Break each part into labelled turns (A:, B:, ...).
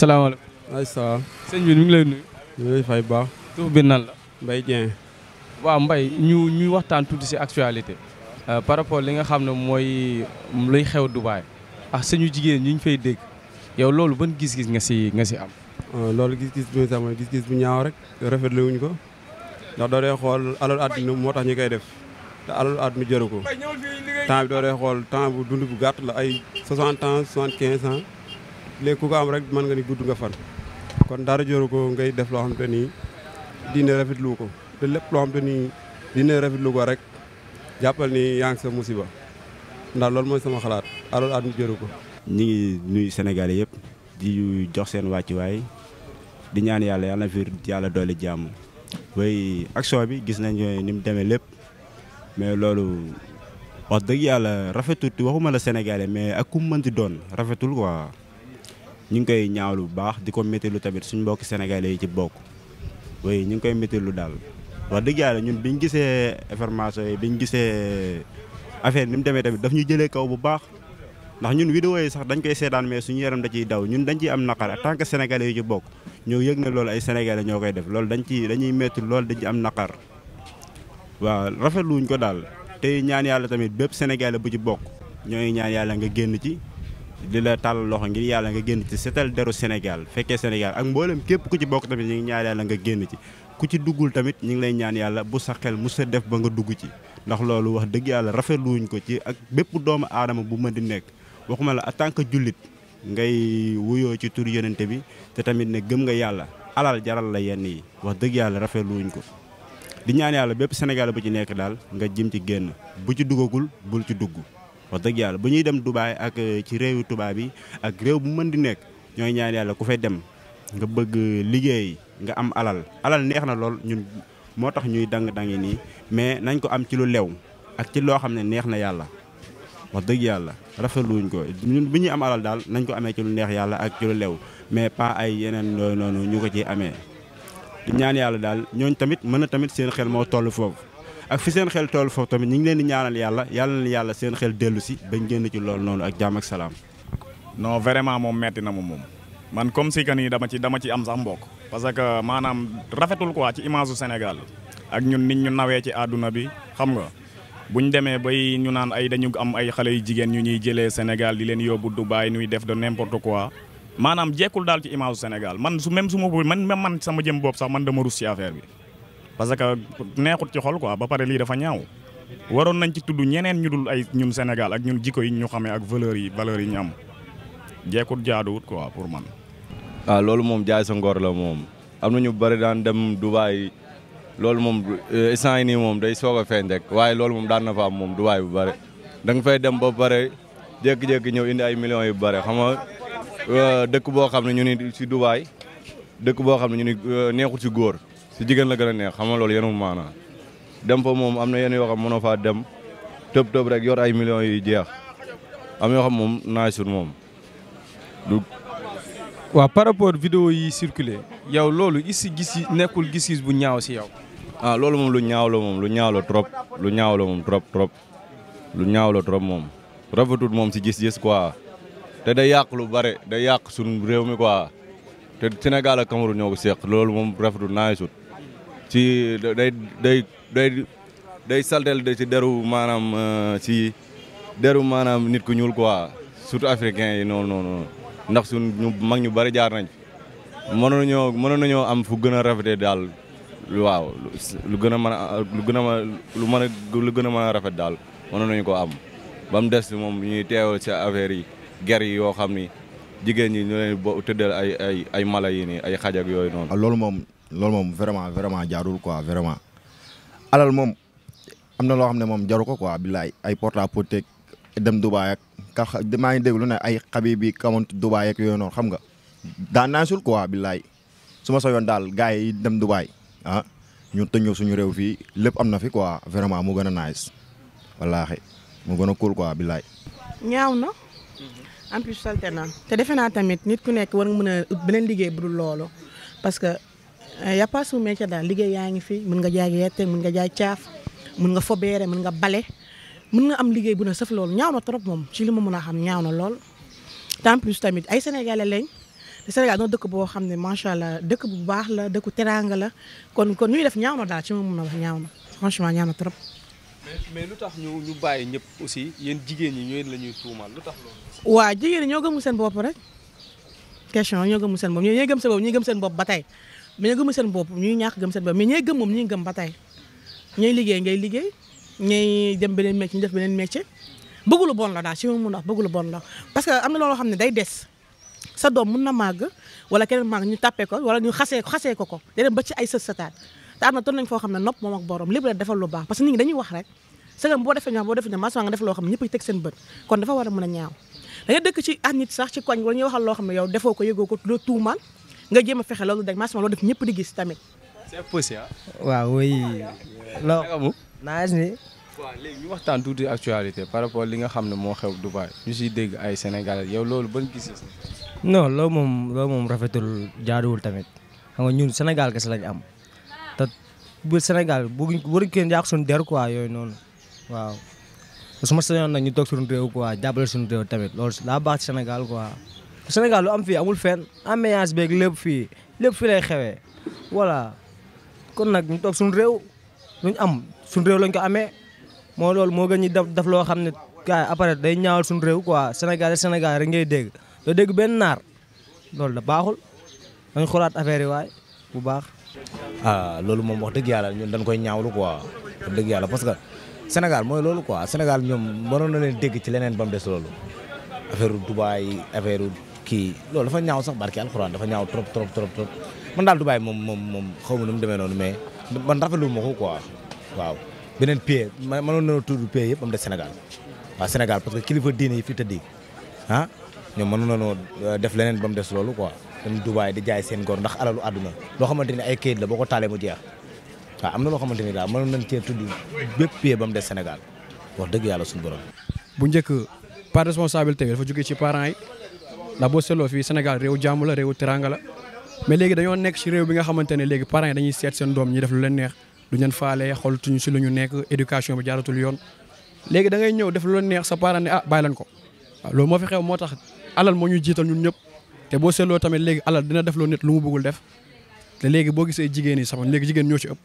A: salaamaaleykum. waay salaam. sëñ bi ñu ngi lay nuyu.
B: ñu fay bu baax.
A: tur bi nan la. mbay Dieng. waaw mbay ñu ñuy waxtaan tuuti si actualité. Euh, par rapport li nga xam ne mooy luy xew Dubaay. ah suñu
B: jigéen ñi ñu fay dégg. yow loolu ban gis-gis nga si nga si am. Euh, loolu gis-gis bi sama gis-gis bu ñaaw rek rafetlu wuñ ko ndax doo dee xool alal àdduna moo tax ñu koy def te alal àdduna jëru ko temps bi doo dee xool temps bu dund bu gàtt la ay 60 ans 75 ans. léegi ku ko am rek mën nga ni gudd nga fan kon dara joru ko ngay def loo xam te ni diine rafetlu ko te lépp loo xam te ni diine rafetlu ko rek jàppal ni yaa sa musiba ndax loolu mooy sama xalaat alors at mi ko.
C: ñu ngi nuyu Sénégalais yëpp di jox seen wàccuwaay di ñaan yàlla yàlla na fi yàlla doole jàmm way action bi gis nañ ni mu demee lépp mais loolu wax dëgg yàlla rafetul waxuma a Sénégalais mais ak ku mën mënti doon rafetul quoi. ñu ngi koy ñaawlu bu baax di ko méttilu tamit suñu mbokki sénégalais yi ci bokk oui ñu ngi koy méttilu daal wax dëgg yàlla ñun biñ gisee information yi biñ gisee affaire ni mu demee tamit daf ñu jëlee kaw bu baax ndax ñun vidéo yi sax dañ koy seetaan mais suñu yaram da ciy daw ñun dañ ciy am naqar en tant que sénégalais yu ci bokk ñoo yëg ne lool ay sénégalais ñoo koy def loolu dañ ci dañuy métti loolu dañ ci am naqar waaw rafetluwuñ ko daal te ñaan yàlla tamit bépp sénégalais bu ci bokk ñooy ñaan yàlla nga génn ci di la tàll loxo ngir yàlla nga génn ci setal deru Sénégal fekkee Sénégal ak mboolem képp ku ci bokk tamit ñu ngi ñaan yàlla nga génn ci ku ci duggul tamit ñu ngi lay ñaan yàlla bu sa xel mu sa def ba nga dugg ci ndax loolu wax dëgg yàlla rafetluwuñ ko ci ak bépp doomu aadama bu mën di nekk waxuma la en tant que jullit ngay wuyoo ci tur yonente bi te tamit ne gëm nga yàlla alal jaral la yenn yi wax dëgg yàlla rafetluwuñ ko di ñaan yàlla bépp Sénégal bu ci nekk daal nga jëm ci génn bu ci duggagul bul ci dugg wax dëgg yàlla bu ñuy dem Dubaay ak euh, ci réewu tubaab yi ak réew bu mën di nekk ñooy ñaan yàlla ku fay dem nga bëgg liggéey nga am alal alal neex na lool ñun moo tax ñuy dang-dangi nii mais nañ ko am ci lu lew ak ci loo xam ne neex na yàlla wax dëgg yàlla rafetluwuñ ko ñun bu ñuy am alal daal nañ ko amee ci lu neex yàlla ak ci lu lew mais pas ay yeneen noonu ñu ko ciy amee ñaan yàlla daal ñooñ tamit mën a tamit seen xel moo toll foofu ak fi seen xel tool foofu tamit ñu ngi leen di ñaanal yàlla yàlla yàlla seen xel dellu si bañ génn ci loolu noonu ak jàmm ak salaam.
D: non vraiment moom metti na ma moom man comme si que dama ci dama ci am sax parce que maanaam rafetul quoi ci image su Sénégal ak ñun nit ñu nawee ci àdduna bi xam nga buñ demee bay ñu naan ay dañu am ay xale yu jigéen ñu ñuy jëlee Sénégal di leen yóbbu Dubaï ñuy def de n'importe quoi maanaam jekkul daal ci image Sénégal man su même su ma man même man sama jëm bopp sax man dama rus ci affaire bi. parce que neexut ci xol quoi ba pare lii dafa ñaaw waroon nañ ci tudd ñeneen ñu dul ay ñun Sénégal ak ñun jikko yi ñu xamee ak valeurs yi valeurs yi ñu am
A: jeekut jaaduwut ko pour man. a ah, loolu moom jaay sa la moom am na ñu bëri daan dem Dubaay loolu moom euh, instant yi nii moom day soog a feeñ rek waaye loolu moom daan na fa am moom Dubaay bu bëri da nga dem ba pare jékki-jékki ñëw indi ay millions yu bëri xam nga euh, dëkk boo xam ne ñu ni si Dubaay dëkk boo xam ne ñu ni euh, neexut si góor. si jigéen la gën a neex xam nga loolu yenul maanaa dem fa moom am na yenn yoo xam mënoo faa dem tëb tëb rek yor ay millions yu jeex am yoo moom naaj sur moom du. waaw par rapport vidéo yi circulé yow loolu is gis nekkul gis-gis bu ñaaw si yow. ah loolu moom lu ñaaw moom lu ñaaw trop lu ñaaw moom trop trop lu ñaaw la trop moom rafetul moom si gis-gis quoi te day yàq lu bare day yàq suñu réew mi quoi te Sénégal ak Cameroun ñoo ko seq loolu moom rafetul naaj sut ci day day day day saltel de ci deru maanaam si euh, deru maanaam nit ku ñuul quoi surtout africain yi noonu noonu ndax suñ ñu mag ñu bari jaar nañ mënoon nañoo mënoon nañoo am fu gën a rafetee daal waaw lu gën a mën a lu gën a lu mën a lu gën a mën a rafet daal mënoon nañu ko am ba mu des moom ñuy teewal ci affaire yi ger yi yoo xam ni jigéen ñi ñu leen bo tëddal ay ay ay mala yi nii ay xaj yooyu noonu. Ah, loolu moom.
E: loolu moom vraiment vraiment jaarul quoi vraiment alal moom am na loo xam ne moom jaru ko quoi billaay ay porte à porte dem Dubaay ak ka maa ngi déglu na ay xabi bi kamont Dubaay ak yooyu noonu xam nga daan naa sul quoi billaay su ma soo yoon daal gars yi dem Dubaay ah ñu tëñoo suñu réew fii lépp am na fi quoi vraiment mu gën a nice wallaahi mu gën a cool quoi billaay.
F: ñaaw na. en plus salte na te defe naa tamit nit ku nekk war nga mën a beneen liggéey bu dul loolu Euh, y'a pas su métier daal liggéey yaa ngi fi mun nga jaay yette mën nga jaay caaf mën nga fobeere mën nga bale mun nga am liggéey bu na saf loolu ñaaw na trop moom ci li ma mën a xam ñaaw na lool. en plus ay sénégalais lañ te dëkk boo xam ne macha allah dëkk bu baax la dëkku teraanga la kon kon ñuy def ñaaw na daal ci ma mën a wax trop.
A: mais lu tax ñu ñu bàyyi ñëpp aussi yéen jigéen ñi ñooy la tuumaal lu tax loolu. waa
F: jigéen ñi ñoo gëmul seen bopp rek question ñoo gëmul seen bopp ñoo gëm seen bopp ñi gëm seen bopp ba tey mais ñu gëmul seen bopp ñuy ñàkk gëm seen liggéey ngay liggéey ñooy dem beneen métier ñu def beneen métier bëggu lu bon la daal si mun a wax bon la parce que am na loo xam ne day des sa doom mun na màgg wala keneen màgg ñu tàppee ko wala ñu xasee xasee ko ko day dem ba ci ay sët sataat te am na toll nañ foo xam ne nopp moom ak borom lépp la defal lu baax parce que nit dañuy wax rek sëgam boo defee ñoo boo defee loo xam ne ñëpp a teg seen bët kon dafa war a a ñaaw da dëkk ci nit sax ci koñ wala waxal loo xam ne yow defoo ko yëgoo ko loo tuumaal nga jéem a fexe loolu dañ macha loolu def ñëpp di gis tamit.
A: c'est possible waaw oui. loo ni. waaw léegi ñu waxtaan tuuti actualité par rapport li nga xam ne moo xew Dubaï ñu siy dégg ay Sénégalais yow loolu ban
G: gis-gis.
H: non loolu moom loolu moom tamit xam nga ñun Sénégal kese lañ am te bu Sénégal bëgguñ waruñ kenn yàq suñu der quoi yooyu noonu waaw. su ma sañoon nag ñu toog suñu réew quoi jàppale suñu réew tamit loolu laa baax ci quoi. Sénégal lu am fii amul fenn ambiance beeg lépp fii lépp fii lay xewee voilà kon nag ñu toog suñu réew luñ am suñu lañ ko amee moo loolu moo gën ñu def def loo xam ne gars après day ñaawal suñu réew quoi Sénégal Sénégal ngay dégg dégg benn naar loolu da baaxul dañ xoolaat affaire yi waay bu baax. ah loolu moom wax dëgg yàlla ñun dañ koy ñaawlu quoi dëgg yàlla parce que Sénégal mooy loolu quoi Sénégal ñoom mënoon na leen dégg ci leneen ba mu des loolu affaire Dubaay affaire. kii loolu dafa ñaaw sax barki alxuraan dafa ñaaw trop trop trop trop man daal Dubaay moom moom moom mu demee noonu mais man rafetlu ma ko quoi waaw beneen pays ma mënoon na tudd yëpp de Sénégal waaw Sénégal parce que kilifa diine yi ah, euh, mu des loolu quoi dem Dubaay loo xamante ni ay kayit la boo ko taalee mu na loo xamante ni daal mënoon nañ cee tudd bépp pays ba mu des Sénégal wax dëgg yàlla borom.
G: bu njëkk par responsabilité bi dafa jógee ci parents yi. ndax boo seetloo fii Sénégal réew jàmm la réew teranga la mais léegi dañoo nekk ci réew bi nga xamante ne léegi parents yi dañuy seet seen doom ñi def lu leen neex du ñeen faale xoltuñu ci lu ñu nekk éducation bi jaaratul yoon léegi da ngay ñëw def lu neex sa parent ne ah, ko waaw loolu moo fi moo tax alal moo ñu jiital ñun ñëpp te boo seetloo tamit léegi alal dina def loo nit lu mu bëggul def te léegi boo gisee jigéen yi sax léegi jigéen ñoo ci ëpp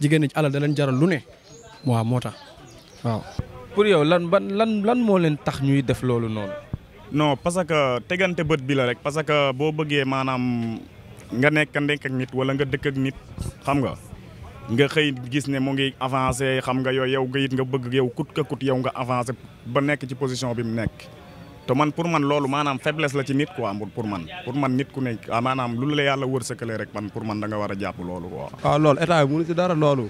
G: jigéen ñi alal da jaral lu ne waaw moo tax
A: waaw. pour yow lan ban lan lan moo leen tax ñuy def loolu noonu. non
G: parce que
D: tegante bët bi la rek parce que boo bëggee maanaam nga nekk ndekk ak nit wala nga dëkk ak nit xam nga nga xëy gis ne mu ngi avancé xam nga yooyu yow nga it nga bëgg yow kut ka kut yow nga avancé ba nekk ci position bi mu nekk. te man pour man loolu maanaam faiblesse la ci nit quoi pour man pour man nit ku nekk ah, maanaam lu la yàlla wërsëgalee rek man pour man da nga war a jàpp
C: loolu quoi.
B: waaw ah, loolu état bi si dara loolu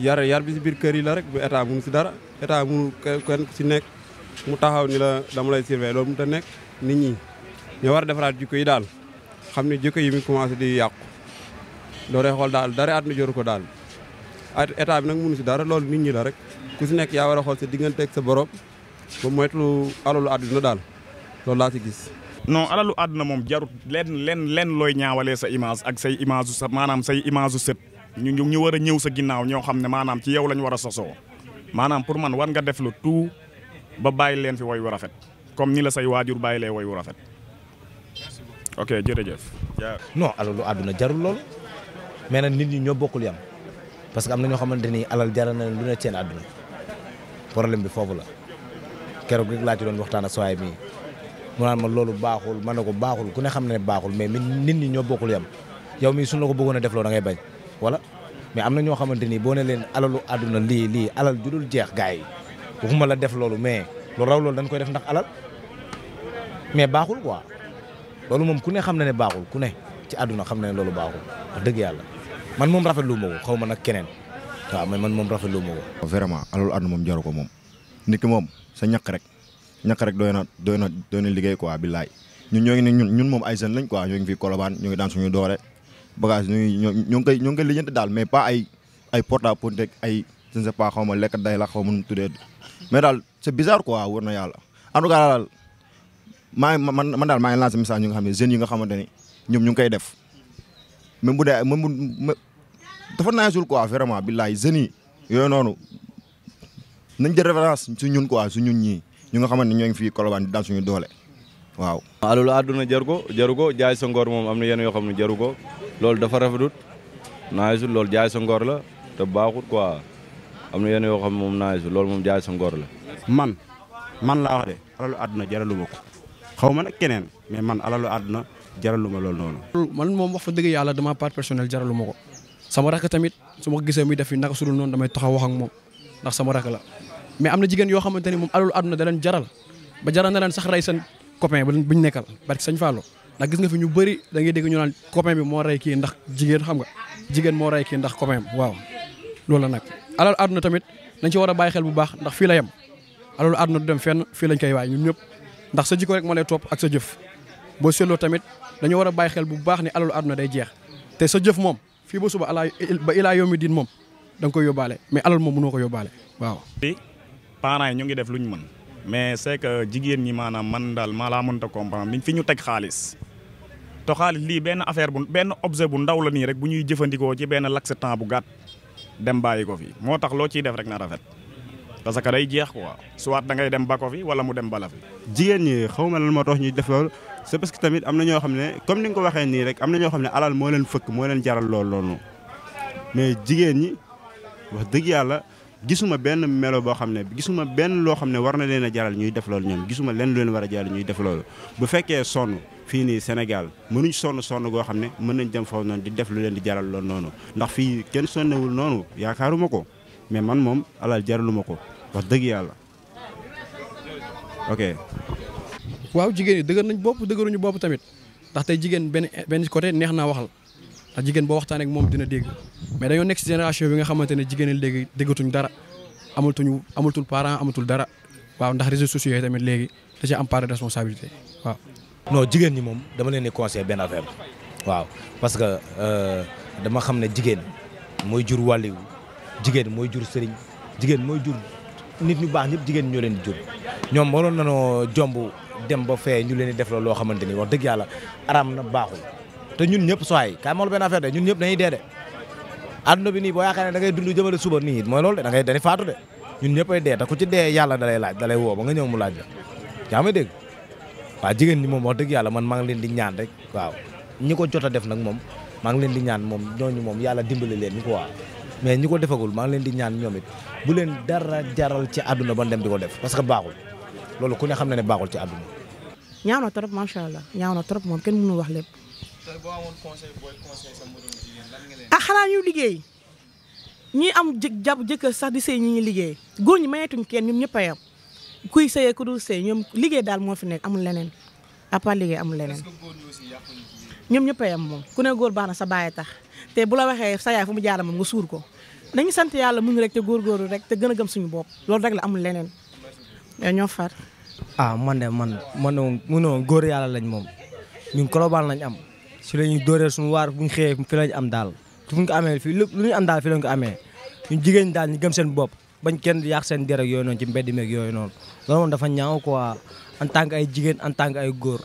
B: yar yar bi si biir kër yi la rek bu état si dara état si nekk. mu taxaw ni la dama lay surveiller loolu mu ta nekk nit ñi ñoo war a defaraat jikko yi daal xam ne jikko yi mu commencé di yàqu doo dee xool daal dara at mi joru ko daal at état bi nag mënu si dara loolu nit ñi la rek ku si nekk yaa war a xool sa digganteeg sa borom ba moytu alalu àdduna daal loolu laa si gis
D: non alalu àdduna moom jarut lenn lenn lenn looy ñaawalee sa image ak say image sa maanaam say image sët ñu ñu war a ñëw sa ginnaaw ñoo xam ne maanaam ci yow lañ war a sosoo maanaam ba bàyyi leen fi woy wu rafet comme ni la say waajur bàyyi lee woy wu rafet ok jërëjëf. non alal lu àdduna
H: jarul loolu mais nag nit ñi ñoo bokkul yam parce que am na ñoo xamante ni alal jaral na lu ne seen àdduna problème bi foofu la keroog rek laa ci waxtaan ak sowaay mi mu naan ma loolu baaxul ma ne ko baaxul ku ne xam ne baaxul mais nit ñi ñoo bokkul yam yow mii suñ ko bëggoon a def loo da wala mais am na ñoo xamante ni boo ne leen alalu àdduna lii lii alal ju jeex gars yi waxuma la def loolu mais lu raw loolu dañ koy def ndax alal mais baaxul quoi loolu moom ku ne xam ne ne baaxul ku ne ci adduna xam na ne loolu baaxul wax dëgg yàlla man moom rafetlu ma ko xaw ma nag keneen waaw mais man moom rafetlu ma
E: ko. vraiment alalu àdduna moom jaru ko moom nit ki moom sa ñaq rek ñaq rek doy na doy na doy na liggéey quoi billaay ñun ñoo ngi ne ñun ñun moom ay jeunes lañ quoi ñoo ngi fi Colobane ñoo ngi daan suñu doole bagage ñu ngi ñoo ngi daal mais pas ay ay porte ay je xaw ma lekk day la xaw ma nu tuddee mais daal c'est bizarre quoi wër na yàlla en tout cas daal maa man man daal maa ngi lancé message ñu nga xam ne jeunes yi nga xamante ni ñoom ñu koy def même bu dee même naa sul quoi vraiment billaay jeunes yi yooyu noonu nañ jël référence su ñun quoi su ñun ñii ñu nga xamante ne ñoo ngi fii Colobane di daan suñu doole waaw.
A: alul àdduna jaru ko jaru ko jaay sa ngoor moom am na yenn yoo xam ne jaru ko loolu dafa rafetut naasul loolu jaay sa ngoor la te baaxut quoi. am na yenn yoo xam moom naa loolu
C: moom jaay sa ngor la. man man laa wax de alalu àdduna jaraluma ko xaw ma nag keneen mais man alalu àdduna jaraluma loolu noonu.
G: man moom wax fa dëgg yàlla dama part personnel jaraluma ko sama rakk tamit su ma gisee muy def fi naka su dul noonu damay taxaw wax ak moom ndax sama rakk la mais am na jigéen yoo xamante ni moom alalu àdduna da leen jaral ba jaral na leen sax rey seen copain bu ñu nekkal barki sëñ Fallou ndax gis nga fi ñu bëri da ngay dégg ñu bi moo rey kii ndax jigéen xam nga jigéen moo rey kii ndax copain waaw loolu la nag alal àdduna tamit dañ ci war a bàyyi xel bu baax ndax fii la yem alalu àdduna du dem fenn fii lañ koy waay ñun ñëpp ndax sa jikko rek moo lay topp ak sa jëf boo seetloo tamit dañu war a bàyyi xel bu baax ne alalu àdduna day jeex te sa jëf moom fii ba suba ala ba ilaa yoomi diin moom da koy yóbbaale mais alal moom mënoo ko yóbbaale waaw.
D: parents yi ñu ngi def lu ñu mën mais c'est que jigéen ñi maanaam man daal maa laa mënta comprendre liñ fi ñu teg xaalis to xaalis lii benn affaire bu benn objet bu ndaw la nii rek bu ñuy jëfandikoo ci benn laps bu gàtt dem bàyyi ko fi moo tax loo ciy def rek na rafet parce que day jeex ko soit da dangay dem ba ko fi wala mu dem bala fi.
C: jigéen ñi xaw ma lan moo tax ñuy def loolu c'est parce que tamit am na ñoo xam ne comme ni nga ko waxee nii rek am na ñoo xam ne alal moo leen fëkk moo leen jaral lool loolu mais jigéen ñi wax dëgg yàlla gisuma benn melo boo xam ne gisuma benn loo xam ne war na leen a jaral ñuy def loolu ñoom gisuma leen lu leen war a jaral ñuy def loolu bu fekkee sonn. fii nii Sénégal mënuñ sonn sonn goo xam ne mën nañ dem foofu noonu di def lu leen di jaral loolu noonu ndax fii kenn sonnewul noonu yaakaaruma ko mais man moom alal ma ko
G: wax dëgg yàlla ok. waaw jigéen yi dëgër nañ bopp dëgëruñu bopp tamit ndax tey jigéen benn benn côté neex naa waxal ndax jigéen boo waxtaan ek moom dina dégg mais dañoo nekk si génération bi nga xamante ne jigéen ñi léegi déggatuñ dara amatuñu amatul parent amatul dara waaw ndax réseaux sociaux yi tamit léegi da ci am de responsabilité waaw. non jigéen ñi moom
H: dama leen di conseillé a affaire waaw parce que euh, dama xam ne jigéen mooy jur wàlliwu jigéen mooy jur sëriñ jigéen mooy jur nit ñu baax ñëpp jigéen ñoo leen di jur ñoom waroon nañoo jomb dem ba fee ñu leen di def la loo xamante ni wax dëgg yàlla aram na baaxul te ñun ñëp soaay kaay moolu benn affaire de ñun ñëpp dañuy dee de adduna bi nii boo yaakaar ne da ngay dund jëmale suba nii mooy loolu de da ngay dañuy faatu de ñun ñëpp ay dee te ku dee yàlla da lay laaj woo ba nga ñëw mu laaj la waaw jigéen ñi moom wax dëgg yàlla man maa ngi leen di ñaan rek waaw ñi ko jot a def nag moom maa ngi leen di ñaan moom ñooñu moom yàlla dimbali leen ñu ko waaw mais ñi ko defagul maa ngi leen di ñaan ñoom it bu leen dara jaral ci àdduna ba dem di ko def parce que baaxul loolu ku ne xam ne ne baaxul ci àdduna.
F: ñaaw na trop macha allah ñaaw na trop moom kenn mënu wax lépp.
A: tey boo amoon conseil booy sa mbirum jigéen leen.
F: ah xanaa ñu liggéey ñi am jë jàpp jëkkër sax di sëy ñi ñu liggéey góor ñi mayeetuñ kenn ñoom ñëpp a kuy sëyee ku dul sëy ñoom liggéey daal moo fi nekk amul leneen à part liggéey amul leneen ñoom ñëpp a yem moom ku ne góor baax na sa bàyyi tax te bu la waxee sa yaay fu mu jaara moom nga suur ko dañu sant yàlla mu ngi rek te góorgóorlu rek te gën a gëm suñu bopp loolu rek la amul leneen ñoo far
H: ah man de man man moom mu ne woon góor yàlla lañ moom ñun kolobaan lañ am si la ñuy dóoree suñu waar bu ñu xëyee fi lañ am daal fu ñu ko amee fii lépp lu ñu am daal fi lañ ko amee ñu jigéen daal ñu gëm seen bopp bañ kenn yàq seen der ak yooyu noonu ci mbedd meeg yooyu noonu loolu moom dafa ñaaw quoi en tant que ay jigéen en tant que ay góor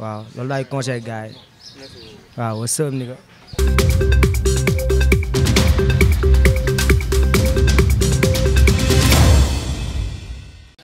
H: waaw loolu laay conseil gars yi waaw